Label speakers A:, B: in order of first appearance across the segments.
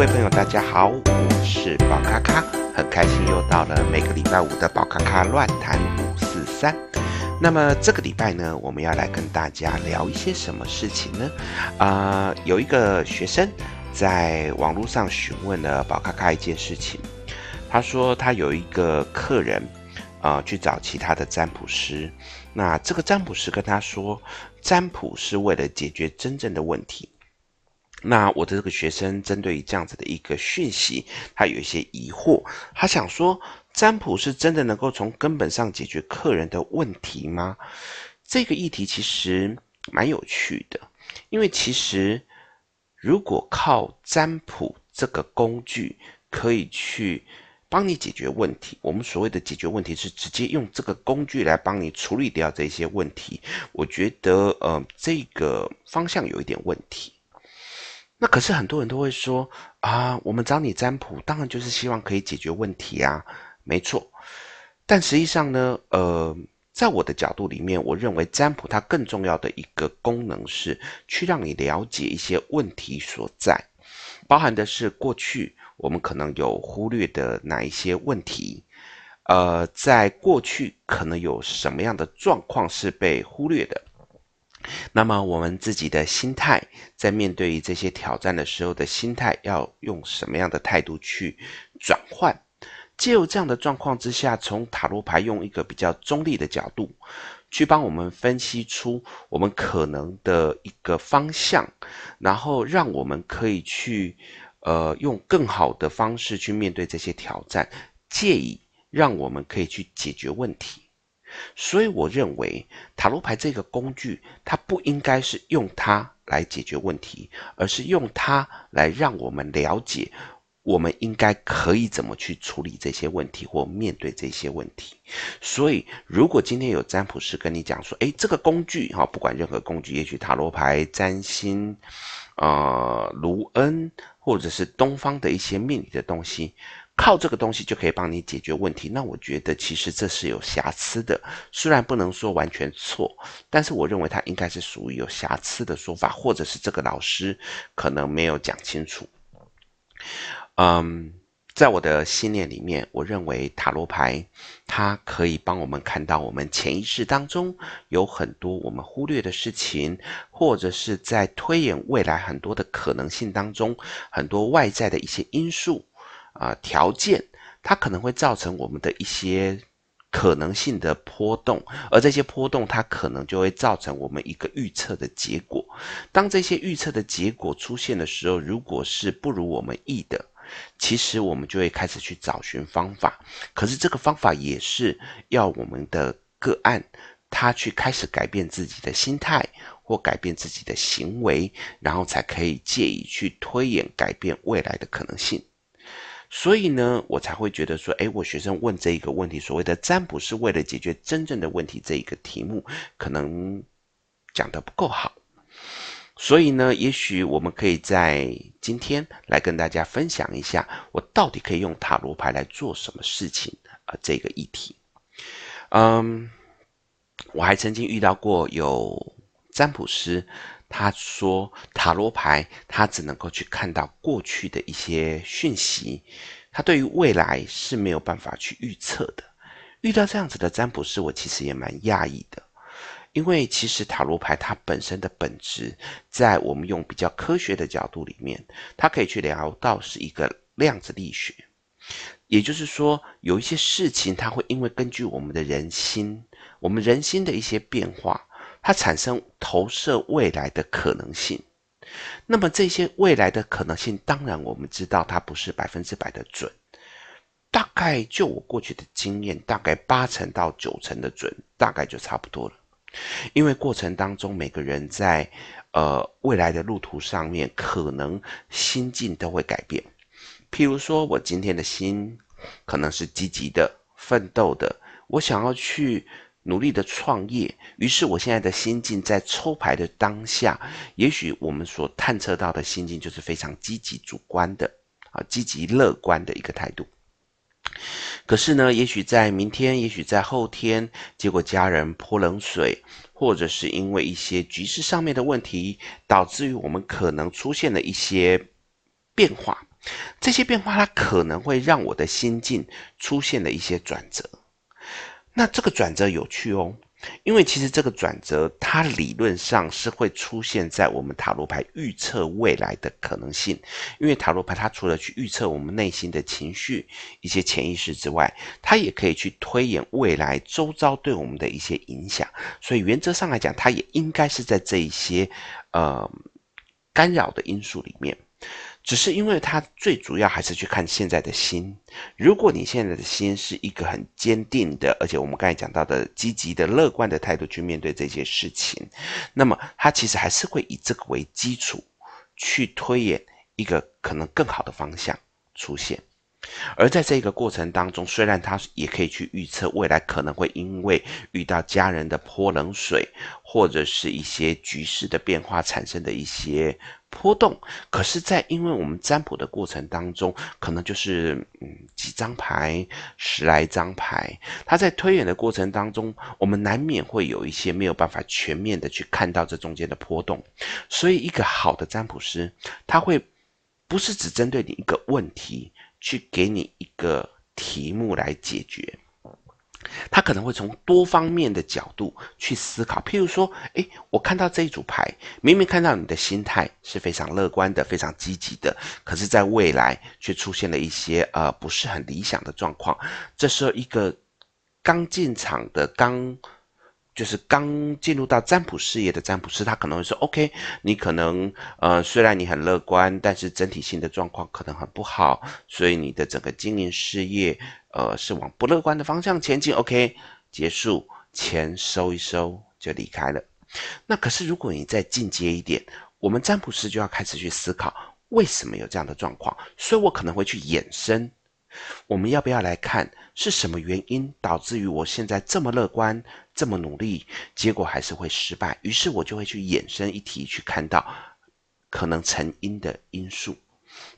A: 各位朋友，大家好，我是寶咖咖，很開心又到了每個禮拜五的寶咖咖亂談五四三。那麼這個禮拜呢，我們要來跟大家聊一些什麼事情呢？啊、呃，有一個學生在網絡上詢問了寶咖咖一件事情，他說他有一個客人，啊、呃，去找其他的占卜師，那這個占卜師跟他說，占卜是為了解決真正的問題。那我的這個學生針對於這樣子的一個訊息，他有一些疑惑，他想說：占卜是真的能夠從根本上解決客人的問題嗎？這個議題其實蠻有趣的，因為其實如果靠占卜這個工具可以去幫你解決問題，我們所謂的解決問題是直接用這個工具來幫你處理掉這些問題，我覺得呃這個方向有一點問題。那可是很多人都會說啊，我們找你占卜，當然就是希望可以解決問題啊，沒錯。但實際上呢，呃，在我的角度裡面，我認為占卜它更重要的一個功能是去讓你了解一些問題所在，包含的是過去我們可能有忽略的哪一些問題，呃，在過去可能有什麼樣的狀況是被忽略的。那麼我們自己的心態，在面對這些挑戰的時候的心態，要用什麼樣的態度去轉換？借由這樣的狀況之下，從塔羅牌用一個比較中立的角度，去幫我們分析出我們可能的一個方向，然後讓我們可以去，呃，用更好的方式去面對這些挑戰，借以讓我們可以去解決問題。所以我認為塔羅牌這個工具，它不應該是用它來解決問題，而是用它來讓我們了解，我們應該可以怎麼去處理這些問題或面對這些問題。所以，如果今天有占卜師跟你講說，誒，這個工具哈、哦，不管任何工具，也許塔羅牌、占星、呃盧恩，或者是東方的一些命理的東西。靠這個東西就可以幫你解決問題，那我覺得其實這是有瑕疵的。雖然不能說完全錯，但是我認為它應該是屬於有瑕疵的說法，或者是這個老師可能沒有講清楚。嗯，在我的信念裡面，我認為塔羅牌它可以幫我們看到我們潛意識當中有很多我們忽略的事情，或者是在推演未來很多的可能性當中，很多外在的一些因素。啊，條件它可能會造成我們的一些可能性的波動，而這些波動它可能就會造成我們一個預測的結果。當這些預測的結果出現的時候，如果是不如我們意的，其實我們就會開始去找尋方法。可是這個方法也是要我們的個案他去開始改變自己的心態或改變自己的行為，然後才可以借以去推演改變未來的可能性。所以呢，我才會覺得說，誒，我學生問這一個問題，所謂的占卜是為了解決真正的問題，這一個題目可能講得不夠好。所以呢，也許我們可以在今天來跟大家分享一下，我到底可以用塔羅牌來做什麼事情啊？這個議題。嗯，我還曾經遇到過有占卜師。他說塔羅牌，他只能夠去看到過去的一些訊息，他對於未來是沒有辦法去預測的。遇到這樣子的占卜師，我其實也蠻訝異的，因為其實塔羅牌它本身的本質，在我們用比較科學的角度裡面，它可以去聊到是一個量子力學，也就是說有一些事情，它會因為根據我們的人心，我們人心的一些變化。它產生投射未來的可能性，那麼這些未來的可能性，當然我們知道它不是百分之百的準，大概就我過去的經驗，大概八成到九成的準，大概就差不多了。因為過程當中每個人在呃未來的路途上面，可能心境都會改變。譬如說，我今天的心可能是積極的、奮鬥的，我想要去。努力的創業，於是我現在的心境在抽牌的當下，也許我們所探測到的心境就是非常積極主觀的啊，積極樂觀的一個態度。可是呢，也許在明天，也許在後天，結果家人潑冷水，或者是因為一些局勢上面的問題，導致於我們可能出現了一些變化。這些變化它可能會讓我的心境出現了一些轉折。那這個轉折有趣哦，因為其實這個轉折，它理論上是會出現在我們塔羅牌預測未來的可能性。因為塔羅牌，它除了去預測我們內心的情緒、一些潛意識之外，它也可以去推演未來周遭對我們的一些影響。所以，原則上來講，它也應該是在這一些呃干擾的因素裡面。只是因為他最主要還是去看現在的心。如果你現在的心是一個很堅定的，而且我們剛才講到的積極的、樂觀的態度去面對這些事情，那麼他其實還是會以這個為基礎，去推演一個可能更好的方向出現。而在這個過程當中，雖然他也可以去預測未來可能會因為遇到家人的潑冷水，或者是一些局勢的變化產生的一些波動，可是，在因為我們占卜的過程當中，可能就是嗯幾張牌，十來張牌，他在推演的過程當中，我們難免會有一些沒有辦法全面的去看到這中間的波動。所以，一個好的占卜師，他會不是只針對你一個問題。去給你一個題目來解決，他可能會從多方面的角度去思考。譬如說，哎，我看到這一組牌，明明看到你的心態是非常樂觀的、非常積極的，可是，在未來卻出現了一些呃不是很理想的狀況。這時候，一個剛進場的剛。就是剛進入到占卜事業的占卜師，他可能會說：“OK，你可能呃，雖然你很樂觀，但是整體性的狀況可能很不好，所以你的整個經營事業呃是往不樂觀的方向前進。”OK，結束，錢收一收就離開了。那可是如果你再進階一點，我們占卜師就要開始去思考為什麼有這樣的狀況，所以我可能會去衍生，我們要不要來看？是什麼原因導致於我現在這麼樂觀、這麼努力，結果還是會失敗？於是我就會去衍生議題，去看到可能成因的因素。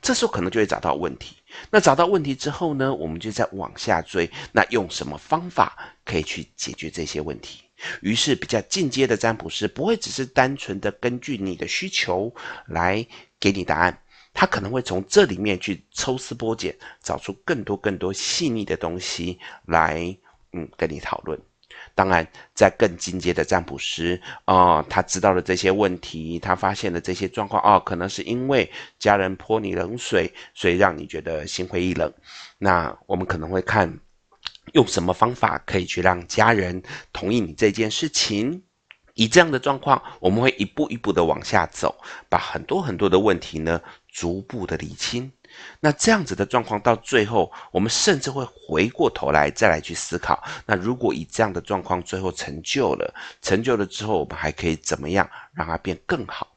A: 這時候可能就會找到問題。那找到問題之後呢，我們就再往下追。那用什麼方法可以去解決這些問題？於是比較進階的占卜師不會只是單純的根據你的需求來給你答案。他可能會從這裡面去抽絲剝繭，找出更多更多細膩的東西來，嗯，跟你討論。當然，在更進階的占卜師啊、呃，他知道了這些問題，他發現了這些狀況啊、哦，可能是因為家人潑你冷水，所以讓你覺得心灰意冷。那我們可能會看用什麼方法可以去讓家人同意你這件事情。以這樣的狀況，我們會一步一步的往下走，把很多很多的問題呢。逐步的理清，那這樣子的狀況到最後，我們甚至會回過頭來再來去思考。那如果以這樣的狀況最後成就了，成就了之後，我們還可以怎麼樣讓它變更好？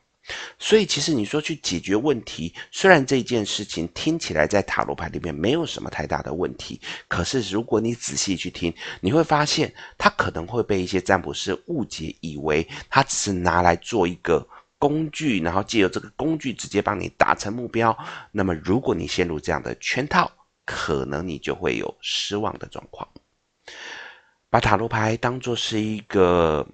A: 所以，其實你說去解決問題，雖然這件事情聽起來在塔羅牌裡面沒有什麼太大的問題，可是如果你仔細去聽，你會發現它可能會被一些占卜師誤解，以為它只是拿來做一個。工具，然後借由這個工具直接幫你達成目標。那麼，如果你陷入這樣的圈套，可能你就會有失望的狀況。把塔羅牌當做是一個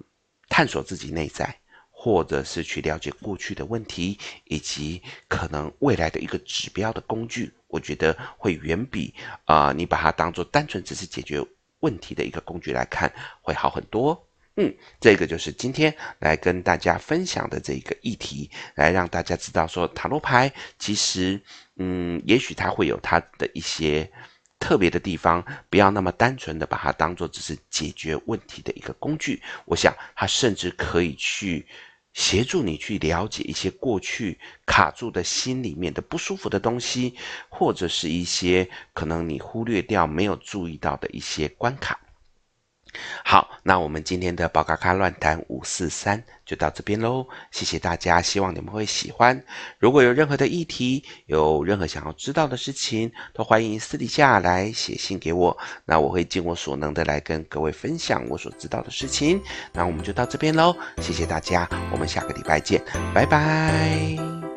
A: 探索自己內在，或者是去了解過去的問題，以及可能未來的一個指標的工具，我覺得會遠比啊、呃、你把它當做單純只是解決問題的一個工具來看，會好很多。嗯，這個就是今天來跟大家分享的這一個議題，來讓大家知道說，塔羅牌其實，嗯，也許它會有它的一些特別的地方，不要那麼單純的把它當做只是解決問題的一個工具。我想，它甚至可以去協助你去了解一些過去卡住的心裡面的不舒服的東西，或者是一些可能你忽略掉、沒有注意到的一些關卡。好，那我們今天的寶咖咖亂談五四三，就到這邊嘍，謝謝大家，希望你們會喜歡。如果有任何的議題，有任何想要知道的事情，都歡迎私底下來寫信給我，那我會盡我所能的來跟各位分享我所知道的事情。那我們就到這邊嘍，謝謝大家，我們下個禮拜見，拜拜。